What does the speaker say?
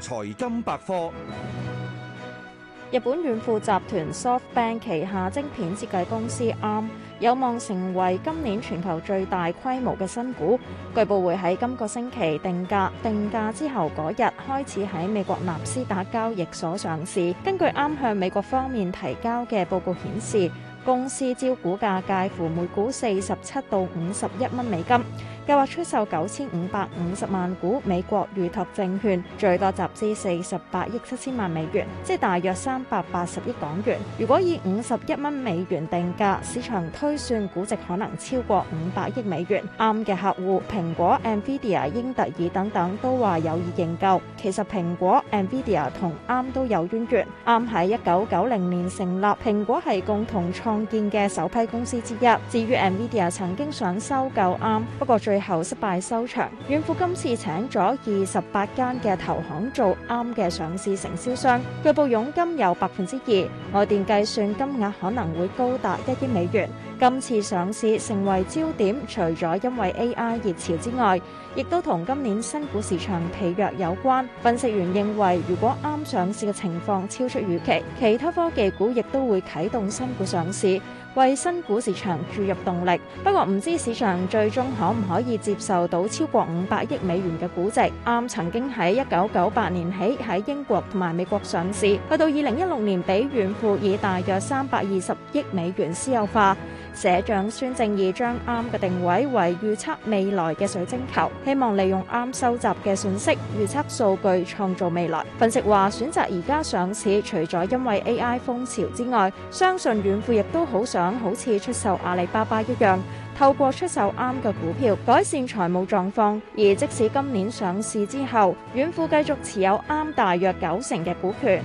財金百科，日本軟銀集團 SoftBank 旗下晶片設計公司 ARM 有望成為今年全球最大規模嘅新股，據報會喺今個星期定價，定價之後嗰日開始喺美國納斯達交易所上市。根據 ARM 向美國方面提交嘅報告顯示，公司招股價介乎每股四十七到五十一蚊美金，計劃出售九千五百五十萬股美國預託證券，最多集資四十八億七千萬美元，即係大約三百八十億港元。如果以五十一蚊美元定價，市場推算估值可能超過五百億美元。ARM 嘅客戶，蘋果、NVIDIA、英特爾等等都話有意認購。其實蘋果、NVIDIA 同 ARM 都有淵源，ARM 喺一九九零年成立，蘋果係共同創。創建嘅首批公司之一。至於 NVIDIA 曾經想收購 ARM，不過最後失敗收場。遠富今次請咗二十八間嘅投行做 ARM 嘅上市承銷商，據報佣金有百分之二，外電計算金額可能會高達一億美元。今次上市成為焦點，除咗因為 AI 熱潮之外，亦都同今年新股市場疲弱有關。分析員認為，如果 ARM 上市嘅情況超出預期，其他科技股亦都會啟動新股上市，為新股市場注入動力。不過，唔知市場最終可唔可以接受到超過五百億美元嘅估值？ARM 曾經喺一九九八年起喺英國同埋美國上市，去到二零一六年被軟庫以大約三百二十億美元私有化。社長孫正義將 ARM 嘅定位為預測未來嘅水晶球，希望利用 ARM 收集嘅信息預測數據，創造未來。分析話選擇而家上市，除咗因為 AI 風潮之外，相信軟庫亦都好想好似出售阿里巴巴一樣，透過出售 ARM 嘅股票改善財務狀況。而即使今年上市之後，軟庫繼續持有 ARM 大約九成嘅股權。